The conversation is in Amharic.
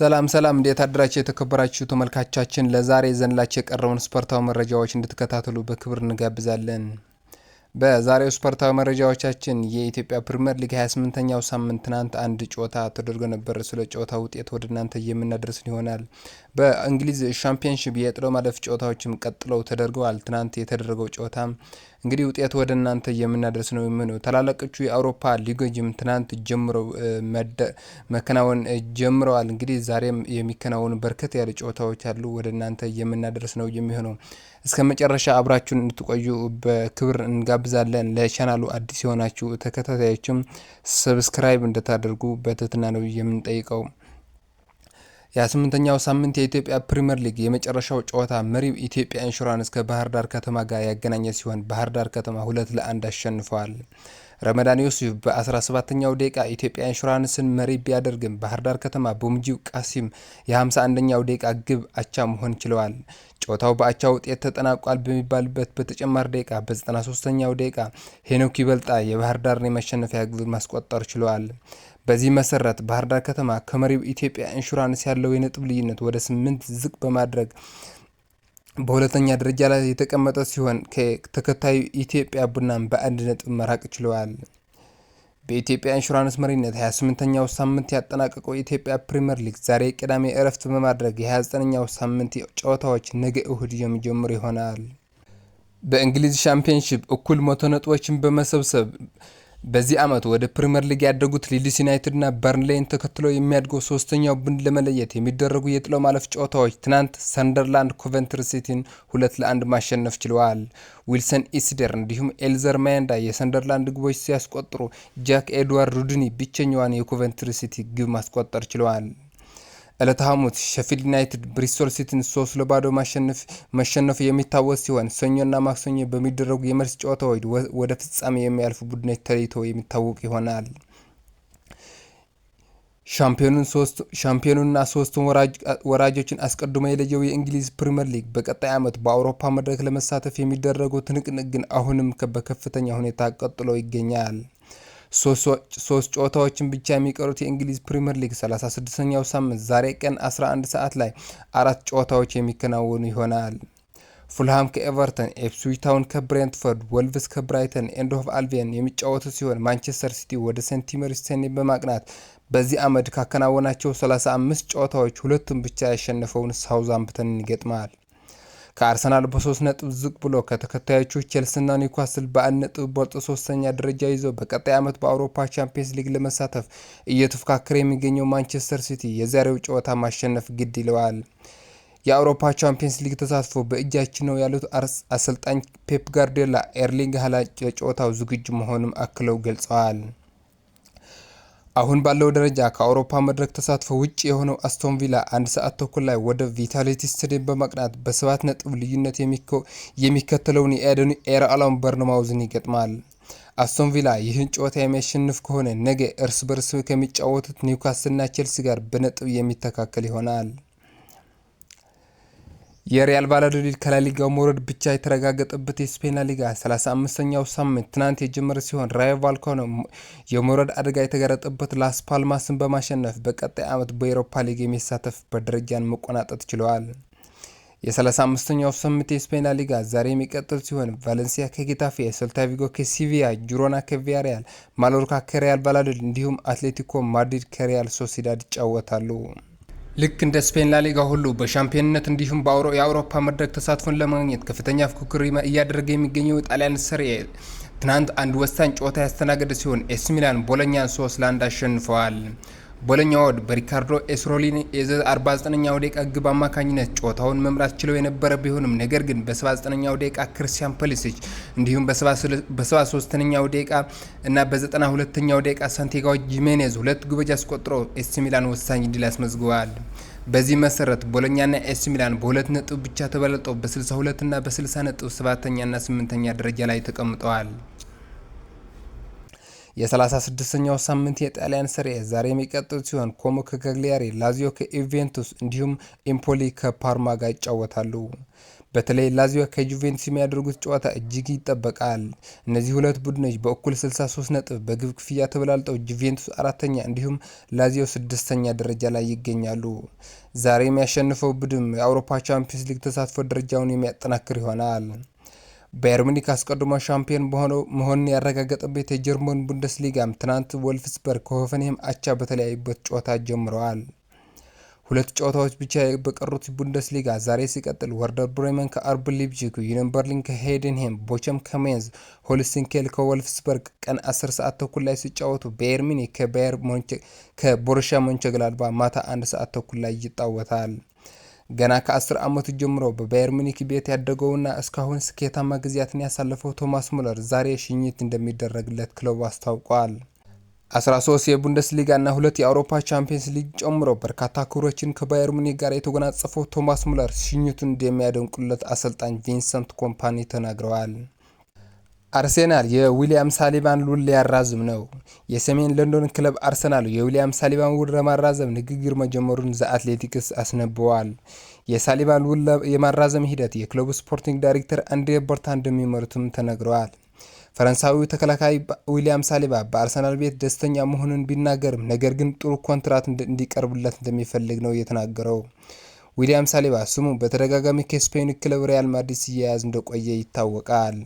ሰላም ሰላም እንዴት አደራችሁ የተከበራችሁ ተመልካቻችን፣ ለዛሬ ዘንላችሁ የቀረቡን ስፖርታዊ መረጃዎች እንድትከታተሉ በክብር እንጋብዛለን። በዛሬው ስፖርታዊ መረጃዎቻችን የኢትዮጵያ ፕሪምየር ሊግ 28ኛው ሳምንት ትናንት አንድ ጨዋታ ተደርጎ ነበር። ስለ ጨዋታ ውጤት ወደ እናንተ የምናደርስን ይሆናል። በእንግሊዝ ሻምፒዮንሺፕ የጥሎ ማለፍ ጨዋታዎችም ቀጥለው ተደርገዋል። ትናንት የተደረገው ጨዋታ እንግዲህ ውጤት ወደ እናንተ የምናደርስ ነው የሚሆነው። ታላላቆቹ የአውሮፓ ሊጎችም ትናንት ጀምረው መከናወን ጀምረዋል። እንግዲህ ዛሬም የሚከናወኑ በርከት ያለ ጨዋታዎች አሉ። ወደ እናንተ የምናደርስ ነው የሚሆነው። እስከ መጨረሻ አብራችሁን እንድትቆዩ በክብር እንጋ እንጋብዛለን። ለቻናሉ አዲስ የሆናችሁ ተከታታዮችም ሰብስክራይብ እንድታደርጉ በትህትና ነው የምንጠይቀው። የስምንተኛው ሳምንት የኢትዮጵያ ፕሪምየር ሊግ የመጨረሻው ጨዋታ መሪው ኢትዮጵያ ኢንሹራንስ ከባህር ዳር ከተማ ጋር ያገናኘ ሲሆን ባህር ዳር ከተማ ሁለት ለአንድ አሸንፈዋል። ረመዳን ዮሱፍ በ17ኛው ደቂቃ ኢትዮጵያ ኢንሹራንስን መሪ ቢያደርግም ባህር ዳር ከተማ በሙጂብ ቃሲም የ51ኛው ደቂቃ ግብ አቻ መሆን ችለዋል። ጨዋታው በአቻ ውጤት ተጠናቋል በሚባልበት በተጨማሪ ደቂቃ በ93ኛው ደቂቃ ሄኖክ ይበልጣ የባህር ዳርን የማሸነፊያ ግብ ማስቆጠር ችለዋል። በዚህ መሰረት ባህር ዳር ከተማ ከመሪው ኢትዮጵያ ኢንሹራንስ ያለው የነጥብ ልዩነት ወደ ስምንት ዝቅ በማድረግ በሁለተኛ ደረጃ ላይ የተቀመጠ ሲሆን ከተከታዩ ኢትዮጵያ ቡናን በአንድ ነጥብ መራቅ ችለዋል። በኢትዮጵያ ኢንሹራንስ መሪነት 28ኛው ሳምንት ያጠናቀቀው የኢትዮጵያ ፕሪምየር ሊግ ዛሬ ቅዳሜ እረፍት በማድረግ የ29ኛው ሳምንት ጨዋታዎች ነገ እሁድ የሚጀምር ይሆናል። በእንግሊዝ ሻምፒዮንሺፕ እኩል መቶ ነጥቦችን በመሰብሰብ በዚህ ዓመት ወደ ፕሪምየር ሊግ ያደጉት ሊድስ ዩናይትድና በርንሌይን ተከትለው የሚያድገው ሶስተኛው ቡድን ለመለየት የሚደረጉ የጥሎ ማለፍ ጨዋታዎች ትናንት ሰንደርላንድ ኮቨንትሪ ሲቲን ሁለት ለአንድ ማሸነፍ ችለዋል። ዊልሰን ኢስደር እንዲሁም ኤልዘር ማያንዳ የሰንደርላንድ ግቦች ሲያስቆጥሩ ጃክ ኤድዋርድ ሩድኒ ብቸኛዋን የኮቨንትሪ ሲቲ ግብ ማስቆጠር ችለዋል። ዕለተ ሐሙስ ሼፊልድ ዩናይትድ ብሪስቶል ሲቲን ሶስት ለባዶ መሸነፍ የሚታወስ ሲሆን ሰኞና ማክሰኞ በሚደረጉ የመልስ ጨዋታዎች ወደ ፍጻሜ የሚያልፉ ቡድኖች ተለይቶ የሚታወቅ ይሆናል። ሻምፒዮኑና ሶስት ወራጆችን አስቀድሞ የለየው የእንግሊዝ ፕሪምየር ሊግ በቀጣይ ዓመት በአውሮፓ መድረክ ለመሳተፍ የሚደረገው ትንቅንቅ ግን አሁንም በከፍተኛ ሁኔታ ቀጥሎ ይገኛል። ሶስት ጨዋታዎችን ብቻ የሚቀሩት የእንግሊዝ ፕሪምየር ሊግ 36ኛው ሳምንት ዛሬ ቀን 11 ሰዓት ላይ አራት ጨዋታዎች የሚከናወኑ ይሆናል። ፉልሃም ከኤቨርተን፣ ኤፕስዊች ታውን ከብሬንትፎርድ፣ ወልቭስ ከብራይተን ኤንድ ሆቭ የሚጫወቱ ሲሆን ማንቸስተር ሲቲ ወደ ሴንት ሜሪስ ሴኒ በማቅናት በዚህ ዓመት ካከናወናቸው 35 ጨዋታዎች ሁለቱን ብቻ ያሸነፈውን ሳውዛምፕተንን ይገጥማል። ከአርሰናል በሶስት ነጥብ ዝቅ ብሎ ከተከታዮቹ ቼልሲና ኒውካስል በአንድ ነጥብ በልጦ ሶስተኛ ደረጃ ይዞ በቀጣይ ዓመት በአውሮፓ ቻምፒየንስ ሊግ ለመሳተፍ እየተፎካከረ የሚገኘው ማንቸስተር ሲቲ የዛሬው ጨዋታ ማሸነፍ ግድ ይለዋል። የአውሮፓ ቻምፒየንስ ሊግ ተሳትፎ በእጃችን ነው ያሉት አሰልጣኝ ፔፕ ጋርዲዮላ ኤርሊንግ ሃላንድ ለጨዋታው ዝግጁ መሆኑን አክለው ገልጸዋል። አሁን ባለው ደረጃ ከአውሮፓ መድረክ ተሳትፎ ውጭ የሆነው አስቶን ቪላ አንድ ሰዓት ተኩል ላይ ወደ ቪታሊቲ ስቴዲየም በማቅናት በሰባት ነጥብ ልዩነት የሚከተለውን የኤደኑ ኤራ አላውን ይገጥማል። አስቶን ቪላ ይህን ጨዋታ የሚያሸንፍ ከሆነ ነገ እርስ በርስ ከሚጫወቱት ኒውካስልና ቼልሲ ጋር በነጥብ የሚተካከል ይሆናል። የሪያል ቫላዶሊድ ከላሊጋው መውረድ ብቻ የተረጋገጠበት የስፔና ሊጋ 35ኛው ሳምንት ትናንት የጀመረ ሲሆን ራዮ ቫልካኖ የመውረድ አደጋ የተጋረጠበት ላስ ፓልማስን በማሸነፍ በቀጣይ ዓመት በኤሮፓ ሊግ የሚሳተፍበት ደረጃን መቆናጠጥ ችለዋል። የ35ኛው ሳምንት የስፔና ሊጋ ዛሬ የሚቀጥል ሲሆን ቫለንሲያ ከጌታፌ፣ ሶልታቪጎ ከሲቪያ፣ ጂሮና ከቪያሪያል፣ ማሎርካ ከሪያል ቫላዶሊድ እንዲሁም አትሌቲኮ ማድሪድ ከሪያል ሶሲዳድ ይጫወታሉ። ልክ እንደ ስፔን ላሊጋ ሁሉ በሻምፒዮንነት እንዲሁም የአውሮፓ መድረክ ተሳትፎን ለማግኘት ከፍተኛ ፉክክር እያደረገ የሚገኘው የጣሊያን ሰር ትናንት አንድ ወሳኝ ጨዋታ ያስተናገደ ሲሆን ኤሲ ሚላን ቦሎኛን ሶስት ለአንድ አሸንፈዋል። ወድ በሪካርዶ ኤስሮሊን የ49ኛው ደቂቃ ግብ አማካኝነት ጨዋታውን መምራት ችለው የነበረ ቢሆንም ነገር ግን በ79ኛው ደቂቃ ክርስቲያን ፖሊሲች እንዲሁም በ73ኛው ደቂቃ እና በ92ኛው ደቂቃ ሳንቲያጎ ጂሜኔዝ ሁለት ግቦች አስቆጥሮ ኤሲ ሚላን ወሳኝ ድል አስመዝግበዋል። በዚህ መሰረት ቦሎኛና ኤሲ ሚላን በሁለት ነጥብ ብቻ ተበልጠው በ62 እና በ60 ነጥብ ሰባተኛና ስምንተኛ ደረጃ ላይ ተቀምጠዋል። የ36ኛው ሳምንት የጣሊያን ስሪያ ዛሬ የሚቀጥል ሲሆን ኮሞ ከካግሊያሪ፣ ላዚዮ ከዩቬንቱስ እንዲሁም ኢምፖሊ ከፓርማ ጋር ይጫወታሉ። በተለይ ላዚዮ ከጁቬንቱስ የሚያደርጉት ጨዋታ እጅግ ይጠበቃል። እነዚህ ሁለት ቡድኖች በእኩል 63 ነጥብ በግብ ክፍያ ተበላልጠው ጁቬንቱስ አራተኛ እንዲሁም ላዚዮ ስድስተኛ ደረጃ ላይ ይገኛሉ። ዛሬ የሚያሸንፈው ቡድን የአውሮፓ ቻምፒየንስ ሊግ ተሳትፎ ደረጃውን የሚያጠናክር ይሆናል። ባየር ሙኒክ አስቀድሞ ሻምፒዮን በሆነው መሆኑን ያረጋገጠበት የጀርመን ቡንደስሊጋም ትናንት ወልፍስበርግ ከሆፈንሄም አቻ በተለያዩበት ጨዋታ ጀምረዋል። ሁለት ጨዋታዎች ብቻ በቀሩት ቡንደስሊጋ ዛሬ ሲቀጥል ወርደር ብሬመን ከአርብ ሊፕዚግ፣ ዩኒየን በርሊን ከሄደንሄም፣ ቦቸም ከሜንዝ፣ ሆልስንኬል ከወልፍስበርግ ቀን 10 ሰዓት ተኩል ላይ ሲጫወቱ ባየር ሙኒክ ሞንቸግላድባ ማታ አንድ ሰዓት ተኩል ላይ ይጣወታል። ገና ከ10 ዓመቱ ጀምሮ በባየር ሙኒክ ቤት ያደገውና እስካሁን ስኬታማ ጊዜያትን ያሳለፈው ቶማስ ሙለር ዛሬ ሽኝት እንደሚደረግለት ክለቡ አስታውቋል። 13 እና ሁለት የአውሮፓ ቻምፒየንስ ሊግ ጨምሮ በርካታ ክብሮችን ከባየር ሙኒክ ጋር የተጎናጸፈው ቶማስ ሙለር ሽኝቱን እንደሚያደንቁለት አሰልጣኝ ቪንሰንት ኮምፓኒ ተናግረዋል። አርሴናል የዊሊያም ሳሊባን ውል ሊያራዝም ነው። የሰሜን ለንዶን ክለብ አርሰናል የዊሊያም ሳሊባን ውል ለማራዘም ንግግር መጀመሩን ዘ አትሌቲክስ አስነብበዋል። የሳሊባን ውል የማራዘም ሂደት የክለቡ ስፖርቲንግ ዳይሬክተር አንድሬ በርታ እንደሚመሩትም ተነግረዋል። ፈረንሳዊው ተከላካይ ዊሊያም ሳሊባ በአርሰናል ቤት ደስተኛ መሆኑን ቢናገርም ነገር ግን ጥሩ ኮንትራት እንዲቀርብለት እንደሚፈልግ ነው የተናገረው። ዊሊያም ሳሊባ ስሙ በተደጋጋሚ ከስፔን ክለብ ሪያል ማድሪድ ሲያያዝ እንደቆየ ይታወቃል።